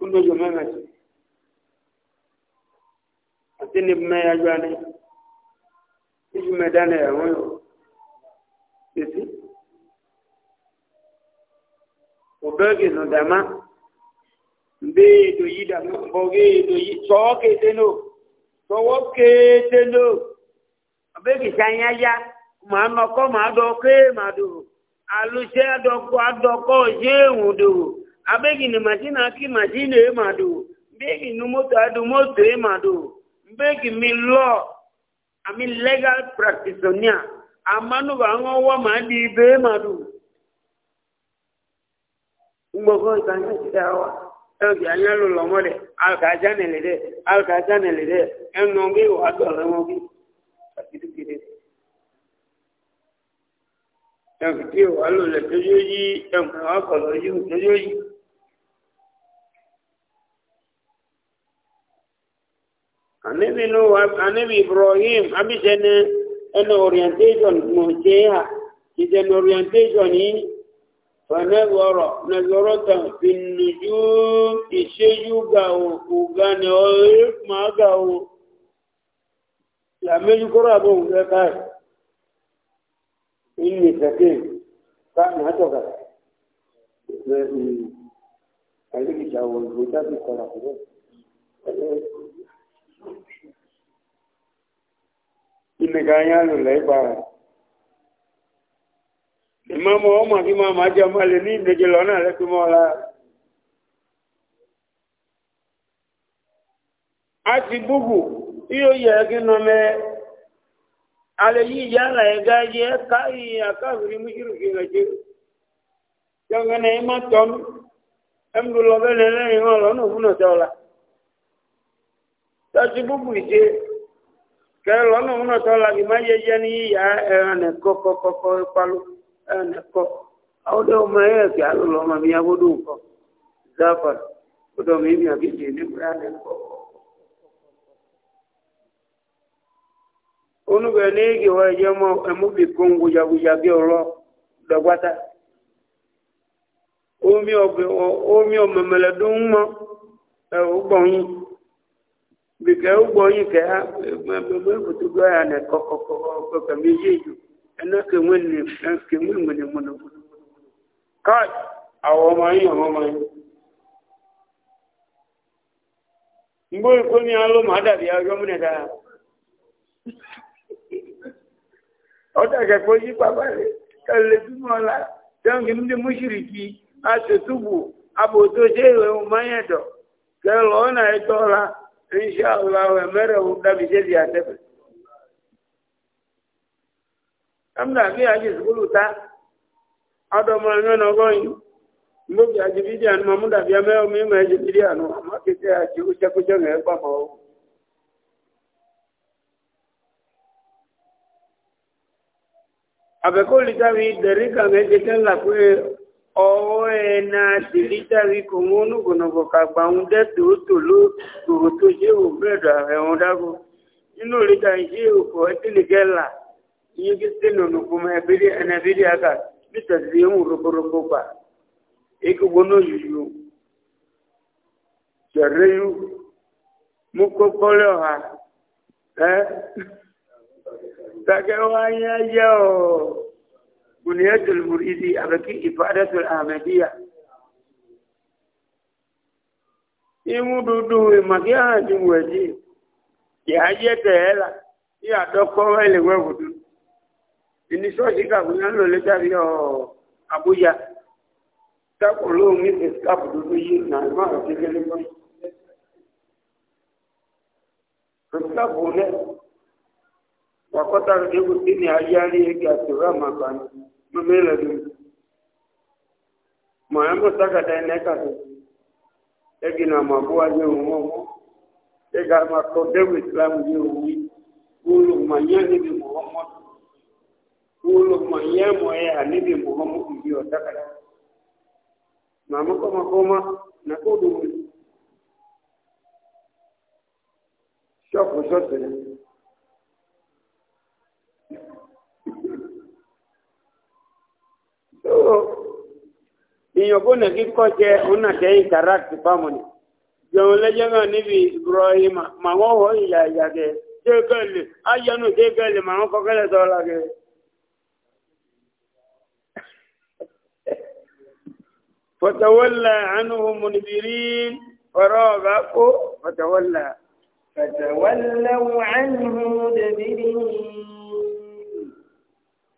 ó lójó mẹ́rin sí tí mɛ ya yɔ ne isu mɛ da ne ya tètè nù dàmá bí ètò yìí dàmá bọ̀gé èdò yìí tọ́wọ́ kéde nò tọ́wọ́ kéde nò òbẹ́gì sáyẹn ayá màá nọkọ́ màá màá dòwò àlùsẹ́ àdọ́kọ́ àdọ́kọ́ yéèwù dòwò kí màá dòwò mọ́tò mọ́tò màá dòwò. bẹ́ẹ̀kì mi lọ àmì legal practitioner àmánùbà wọn wọ́ màá di ibẹ̀ màdù. gbogbo ìkànnì ti dá wa ẹ̀rọ̀kì anyálò lọ́mọdé alùkàjá nílẹ̀ dẹ̀ alùkàjá nílẹ̀ dẹ̀ ẹnu bí wàá anabi no anabi ibrahim abijene an orientation mojeha is an orientation in fanagoro nagorota binnujum isheyugao ugane magao lamejukoro abo ugekai inni sakin kana hatoka aliki cha uvuta bikola kuwe imega anya lụla ịgbara imam ọma gị ma ma mmalị niile gị lọ na-alekwa m ọla a ti bugbu ihe oyi gị nọ mee alayi ya ala ịga e ji ka ihe akabiri mụjiri gị gaji yọga na ịma tọm na-ele ihe ofu na ọla ije ọ̀nà òun náà tọ́ lagi má yẹ yẹ ní yíyá ẹran ẹ̀kọ́ kọ́kọ́kọ́ pálọ́ ẹran ẹ̀kọ́ ọdẹ ọmọ ẹ̀ kí alọ́ lọ ọmọ mi agbódò nǹkan zafa ọdọ mi mi àbí dè ní kúrẹ́ alẹ́ nǹkan. ní ẹ̀jẹ̀ ẹ̀múbi kún gbujagbuja bí ọlọ́ omi mọ́ bìkẹ́ ugbọ́ yìí kẹ́ ha gbẹgbẹgbẹ kòtògbọ ya nà kọkọkọkọ kàmí yé ju ẹnà kẹwé nì kẹwé mìnì mìnì káàdì àwọn ọmọ yìí àwọn ọmọ yìí. nbó ikú ni aló màá dàbí ọjọ́ múnẹ̀ dá. ọ̀dà kẹ̀kọ́ la kí àti àbòtò jẹ́ ìwé ọmọ yẹn dọ̀ kẹlọ́ ọ̀nà ẹ̀tọ́ la. insha Allah wa mara da bi je ya tafi amna bi aje zulu ta ado ma ngana goyi mo bi aje bi jan ma munda bi ame mi ma aje bi jan no ma ke te aje ku ku je ne pa mo abe ko li ta bi deri ka me je ten la ku ọwọ́ ẹ̀nà àtìlítàrí kò wọ́n onúgbònàgbò kàgbà ń dẹ́tò ó tò ló gbòòrò tó ṣe ò bẹ̀rẹ̀ ààrẹ wọn dágbo nínú òrìta ìṣe òkò ẹtìlì gẹ́là iye kí sínú nùkùnmọ́ ẹbírí ẹnẹbírí àgà mítà sí ń rògbòrògbò gbà èkó gbóná yìí ṣẹ̀rẹ́ yú mú kó kọ́lé ọ̀hà ẹ́ tàkẹ́ wáyé ayé ọ̀. بنية المريدي أبكي إفادة الأحمدية imu dudu imaki ahadi weji ya je tela ya doko wele webudu ini so sika kunya lo le tabi o abuja ta ko lo mi se skap dudu yi na ma ke le ko skap ole wakota ndugu dini ajali yake aturama bana mumela dum mayango saka taineka tu egina mabua je umomo ega makode uislamu je uwi ulu manyani bi muhammad ulu manyamo ye hanibi muhammad ndio taka mama kama koma na kudu shofu shote ìyànkó nà kí kọ́jẹ́ òun nà tẹ́ ìtàràkì pàmòlì jẹun lẹ́jẹ́ngà níbi ìbúrọ̀hìmà mà wọ́n wọ́ ìyà ìyà kẹ tẹ́kẹ̀lẹ̀ ayẹnu tẹ́kẹ̀lẹ̀ mà wọ́n kọ́kẹ́lẹ̀ tọ́lá kẹ. فتولى عنهم منذرين وراغبوا فتولى فتولوا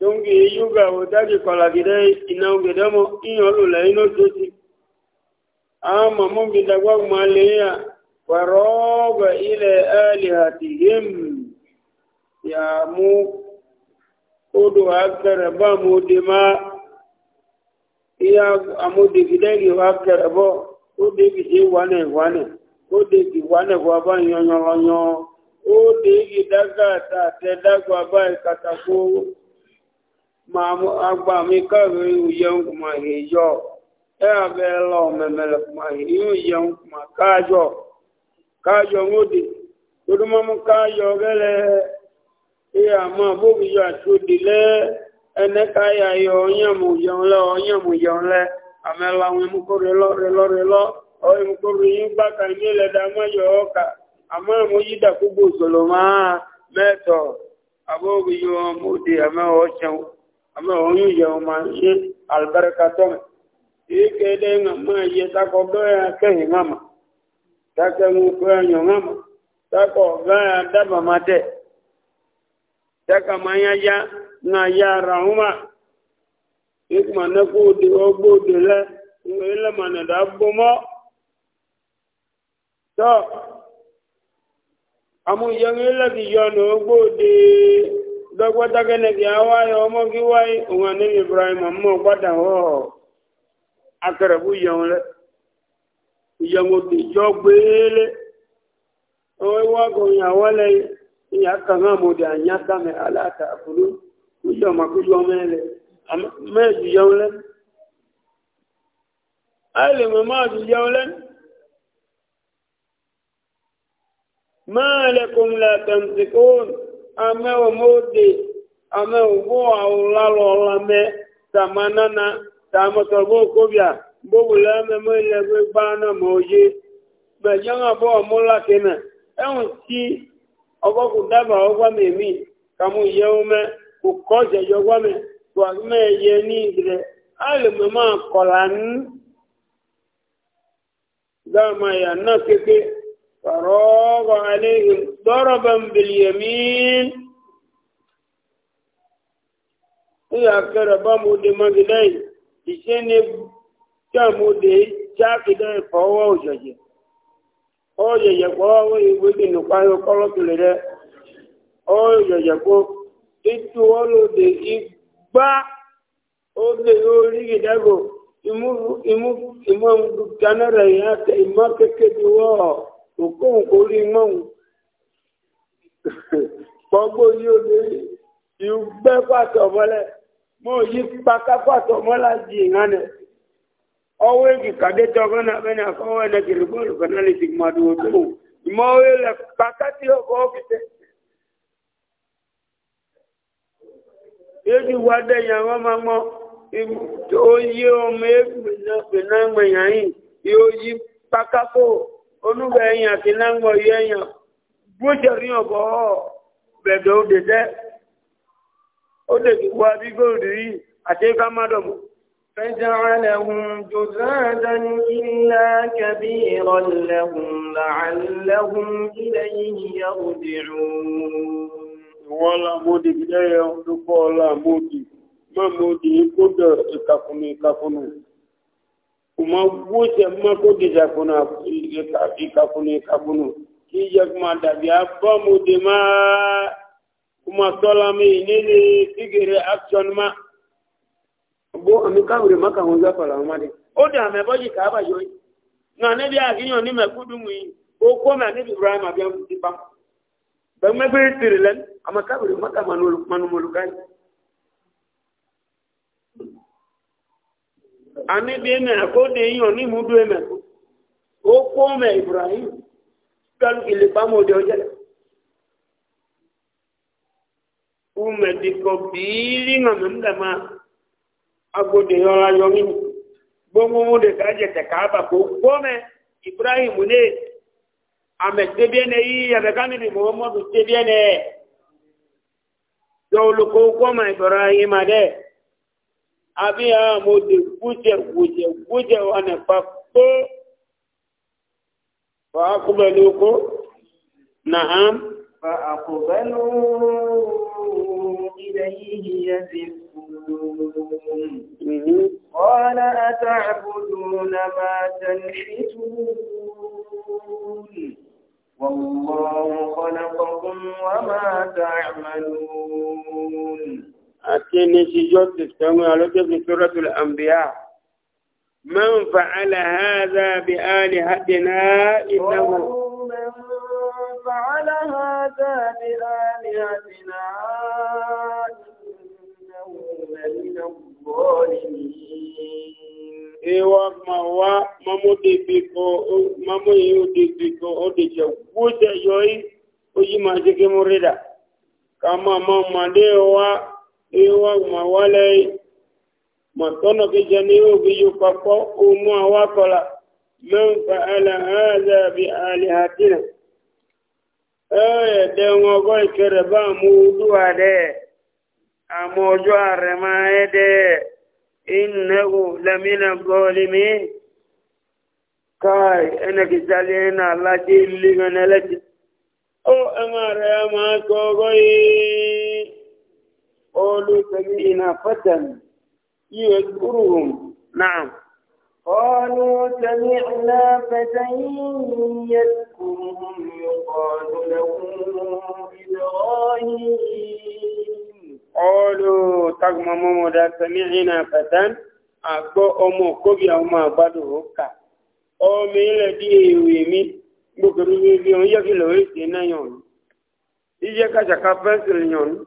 tungi yuga wotaki kola gide ina ugedemo inyo lula ino tuti ama mungi takwa kumalia waroga ile alihatihim ya mu kudu akere ba mudima iya amudi gidegi wakere bo kudegi si wane wane kudegi wane kwa ba nyonyo nyonyo kudegi daga ta te dagwa ba katakuo ma agba mi kawe uyen kuma he yo e abe lo memele kuma he uyen kuma kajo kajo ngodi todo mamu e ama bo bi ya tudi le yo mu le o mu le mu ko re lo re lo re lo o mu ka ni le da ma yo ka ama mu yi da ku bo soloma meto abo bi mu di amma oyu yau ma yi albarka tome yi ke de nga ma yi ta ko do ya ke yi nga ma ta ke mu ko ya nyo nga ma ta ko ga ya da ba ma te ta ka ma ya ya na ya ra hu ma yi kuma na ku di o bo de le nga yi le ma na da bo mo to amu yang ilagi yano bodi dɔgbɔdagɛnɛgi awaayɛ ɔmɔgi waayi òun ne ibrahima mɔ gbada hɔ akɛrɛbu yɛn lɛ yɛn o ti jɔ gbeele ɔwɔ wa gɔnya wale ya kaŋa mo de a nya kame ala ta kulu o yɛn ma ko yɔn mɛ lɛ mɛ ju yɛn lɛ ayi mɛ ma ju yɛn lɛ. ما لكم لا تمسكون ame omode ame ogbo awụlalụ ọlame tamanana tamatọgbo okobia gbowule ememe ilegwe gbaa na ma oye mejọna bụ ọmụla kena enwe ti ọgọkụ daba ọgwa m emi ka mụ yie ume kụkọ jẹjọ ọgwa m tụwa m eye ma alụmụ m akọla n ma ya na keke فراغ عليهم ضربا باليمين إذا كربا مودي مجدين إشيني كمودي شاكدين فهو وجهي ọ̀yẹ̀yẹ̀ pọ̀ ọwọ́ ìwé nínú páyọ kọ́lọ́tùlẹ̀ rẹ̀ ọ̀yẹ̀yẹ̀ pọ̀ títú ọlọ́dẹ igbá ọdẹ orí ìdágò òkóhùn kò rí mọ́hùn gbọ́gbó ní olórí ìgbẹ́ pàtó mọ́lẹ̀ mọ́ yí pàkà pàtó mọ́lá di ìhánẹ̀ ọwọ́ èkì kàdé tọ́gbọ́n náà bẹ́ẹ̀ ni àkọ́wọ́ ẹ̀dẹ́ kiri bọ́ọ̀lù kan náà lè ti gbọ́n àdúgbò tó wù ìmọ̀ òye lẹ̀ pàkà tí ó kọ́ ọ́fíìsẹ́. yéèdì wá dẹ́yìn àwọn máa mọ́ oyé ọmọ ẹgbẹ̀rún náà gbẹ̀yàn yìí yóò yí pàkà onúgbà ẹ̀yàn àti náǹgbọ̀ yẹ ẹ̀yàn gbójẹ̀ ní ọ̀bọ̀ bẹ̀dọ̀ ó dẹ̀dẹ́ ó lè wọ abígòrì rí àti kámádọ̀mù. فجعلهم جزادا إلا كبيرا لهم لعلهم إليه يرجعون ولا مودي بداية ودقوا لا مودي ما مودي كود إكافوني إكافوني kuma wuce ma ko dija kuna ika kuna ika kuna kija kuma dabi abba mu de ma kuma sola mi ne ne figure action ma bo ami ka wure maka hun za fara ma de o da me boji ka ba yoyi na ne bi akinyo ni me kudu mu yi o ko ma ne bi ibrahim abi am ti pa ba me bi tirilen ama ka wure maka manul manumulukai ani anibi eme akode yi oni mudu eme okwo me ibrahim kalu kele pamo de ojele ume diko bili ngame mdama agode yola yomi gbogbo mu de kaje te kaaba ko gome ibrahim ne ame bi tebiene yi yabe bi ene tebiene dɔwlu ko goma ibrahim ade أبيها أمود وجر وجر وجر وأنا فقط فأقبلوكم نعم فأقبلوا إليه يزفون قال أتعبدون ما تنحتون والله خلقكم وما تعملون أتيني جوزيف كانوا على في سورة الأنبياء من فعل هذا بآلهتنا إنه من فعل هذا بآلهتنا إنه لمن الظالمين ewa mawa mamu dibiko mamu yu dibiko odiche wuce yoyi oyi ma jike murida kama mama dewa ewa mawale matono kijani ubiju kwako umwa wakola man fa'ala hadha bi alihatina ee dengo goy kereba muduwa de amojo aremae de innahu lamina zalimin kai ene kijali ena laji liganeleti o emare ma kogoyi قالوا سمعنا فتى يذكرهم نعم قالوا سمعنا فتى يذكرهم يقال له إبراهيم قالوا تغمم مدى سمعنا فتى أقبو أمو كوبي أمو أبادو هكا أمي لدي ويمي بكري ويمي يكي لويسي نيون إيجي كاشا كافنسل نيون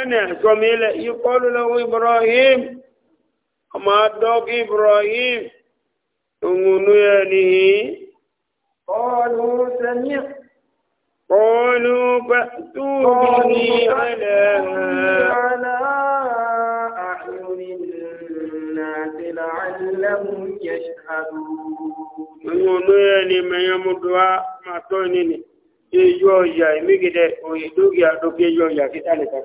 ẹnì àgọ́mi ilẹ̀ yíkọ́lù lọ́wọ́ ibrahim ọmọ adọ́gí ibrahim òǹwònú ẹ̀ nìyí. ọ̀lù sẹ́mi. ọ̀lù pẹ̀tù mi ní ẹlẹ́. Òǹwònú ẹ̀ ni mẹ́yàmúdùá máa tọ́ ní ni. Eyi ọ̀yà ìmígidẹ òyìnbó yà lókè eyi ọ̀yà kíkà nìkan.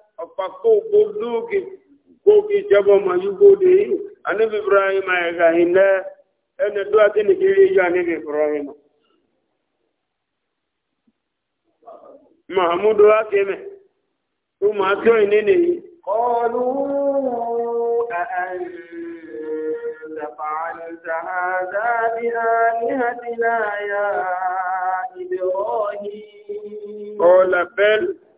ọ̀pàkó gbogbo gbogbo ìjẹ́bọ̀ ma yúgbó dé anábì ibrahim ẹ̀gà ilẹ̀ ẹni tó àti nìkiri yọ anábì ibrahim mahamudu akeme tó máa tó ìní nìyí. kọlu أأنت فعلت هذا بآلهتنا يا إبراهيم قال بل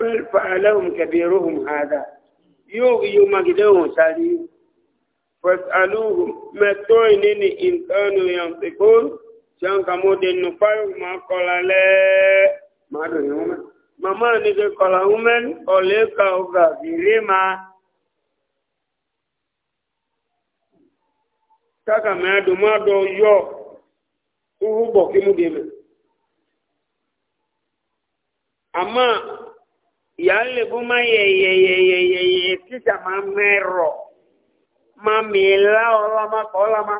bẹ́ẹ̀ fàálẹ́hùn kẹbìrúhùn àdá yóò rí yóò máa gidẹ́ òun sáré fẹsàlúhùn mẹ́tọ́ ìníní ìtọ́nù yàǹtìkó tí wọ́n kà mọ́ dẹnu fáyọ̀ máa kọ́la lẹ́ máa dùn ní wọ́n màmá nìkẹ́ kọ́la wọ́n ọ̀lẹ́ ka ọ̀gá ìrè máa. kaka mẹ́ẹ̀dùn máa dọ̀ yọ uhu bọ̀ kí mú dé mẹ́. àmọ́ ya lebu ma yeyeyeyeye tita ma mero ma mila olama kolama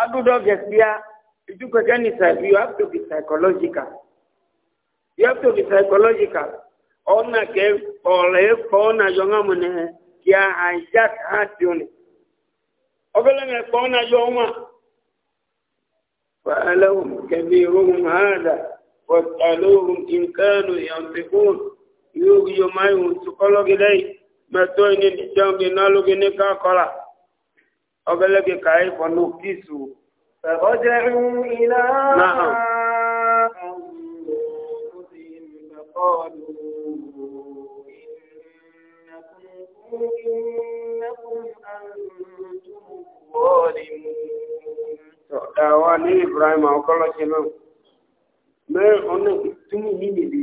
adudo gesia you can you have to be psychological you have to be psychological ona ke ole kona yonga mune ya ajat hatuni ogele me kona yonga فألهم كبيرهم هذا واسألوهم إن كانوا ينطقون yóò yọ máa ń tukọ́lọ́gì lẹ́yìn mẹ́tọ́ ìní ìjọba náà lóge ní káàkọ́là ọgẹ́lẹ́gẹ́ káyé fọ́nù kìsù. ọjọ́ ìrún ilá Sọ̀dá wa ní Ibrahim Akọ́lọ́ṣẹ́ náà, mẹ́rin ọ̀nà ìtumù yìí nìyí.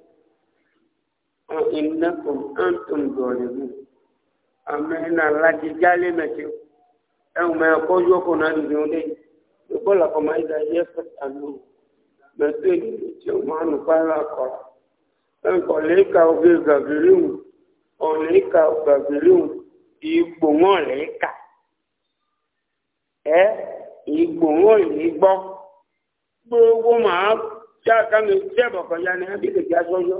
ọ ìnákùn antum gọ̀ọ̀lẹ̀mù àmẹ́nà láti jálé mẹ́tẹ́ ẹ̀hùn mẹ́ ọkọ́jú ọkọ̀ náà dùn ní ìbọ́là kọ̀má ìdá yẹ fẹ́ta náà mẹ́tẹ́ ìdílé tí ó máa nù pálá kọ̀ọ̀rọ̀ ẹ̀kọ́ lẹ́ka oge gàgìrìhùn ọ̀lẹ́ka gàgìrìhùn ìgbò wọn lẹ́ka ẹ ìgbò wọn yìí gbọ́ gbogbo màá jákàmì jẹ́bọ̀kọ̀ ya ni abíkèké aṣọ́jọ́.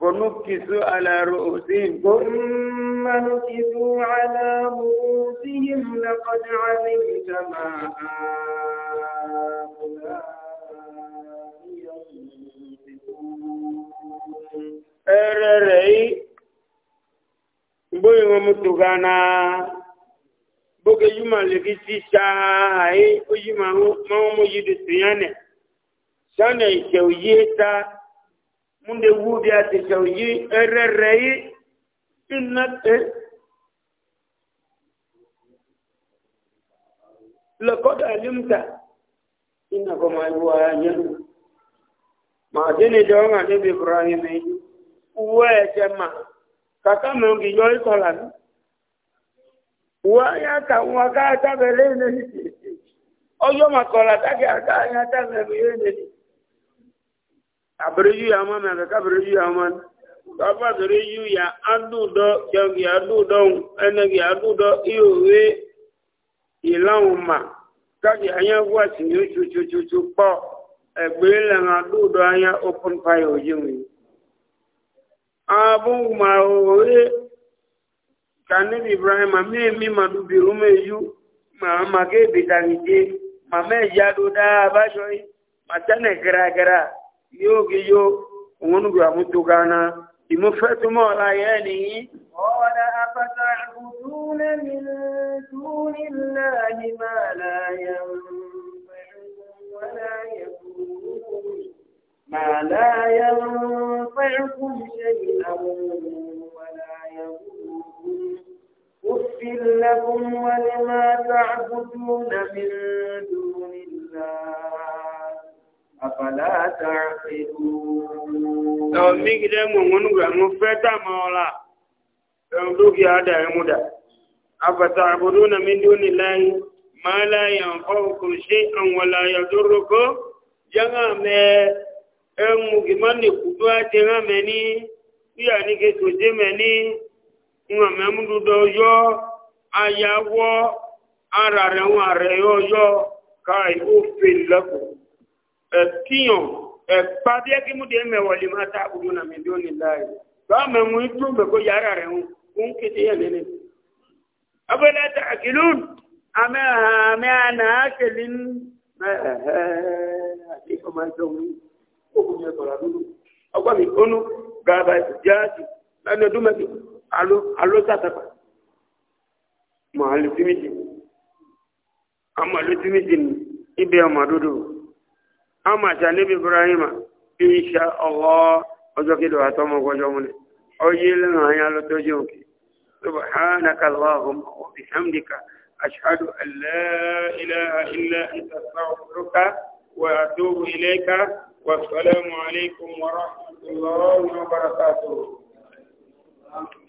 فنكسوا على رؤوسهم ثم نكسوا على رؤوسهم لقد علمت ما هؤلاء ererei mgbe mutuga na boge yumalegi sisa oyi ma yi n'a, n'a taa. munde wubi ati jawji erereyi innate lakod alimta inna ko ma iwa nyen ma jeni jonga ne bi ibrahim ni e, uwe chema kaka mo gi yo ikolan wa ya ka wa ka ta bele ni oyo makola ta ga ga ya ta bele ni abiriju ya man mɛ kaka abiriju ya man tɔba abiriju ya adu dɔ jɔnki adu dɔn ɛnɛki adu dɔ iyo we ilanw ma kaki anya wa sinyo tsutsutsu kpɔ egbe le ŋa du dɔ anya open fire o jiŋ yi abo ma o ye kane ibrahim mi mi ma du biiru me yu ma ma ke bitani je ma me ya do daa ba sɔ yi ma tɛnɛ gɛrɛgɛrɛ yóò gé yó òun nígbà àmútó gánà ìmúfẹ́túmọ̀ láyé nìyí. ọ̀dà afẹ́ta àbùdúnlẹ̀ mi dúnlẹ̀ láàyè máa láyà ما لا ينفعكم شيئا ولا يضركم أف لكم ولما تعبدون من دون الله àbàlá àtàrà ìlú. Ẹ̀wọ̀n mi kìí mú òun gbà mú fẹ́ tàmà ọ̀la. Ẹ̀wọ̀n lókè àdà ẹ̀mú dà. Àbàtà àbòdó nà mí dún ní láyé. Máa láyé àǹfọ̀ kò ṣe àwọn ọ̀làyà tó roko. Yára mẹ́ ẹ̀mú kìí má lè kú tó àti rán mẹ́ ní. Bíyà ní kí tò dé mẹ́ ní. Ìwọ̀n mẹ́mú dúdú ọjọ́. Ayáwọ́ ara rẹ̀ wọn àrẹ̀ ọjọ́. Ká ìlú fèlè lẹ́kọ̀ọ́. ɛkinyɔ ɛkpadeɛ kí mu de mɛ ta na mi do ni la yi báwo mɛ mu itu mɛ ko yàrá rɛ ŋu ŋun kété yɛ lé ne ta akilu amɛ amɛ ana kele nu mɛ ɛhɛ ati kɔma dɔn o kun yɛ kɔla dunu mi gaba jaasi lɛnɛ dumɛ ti alo alo satapa mɔ alo ama ṣe anabi ibrahima insha allah ọjọ́ kí ló wà tọ́mọ ọgọ́jọ́ mu ni ọyẹ lẹ́nu àyà ló tọ́jú òkè subhanaka allahumma wa bihamdika ashhadu an la ilaha illa anta astaghfiruka wa atubu ilayka wa assalamu alaykum wa rahmatullahi wa barakatuh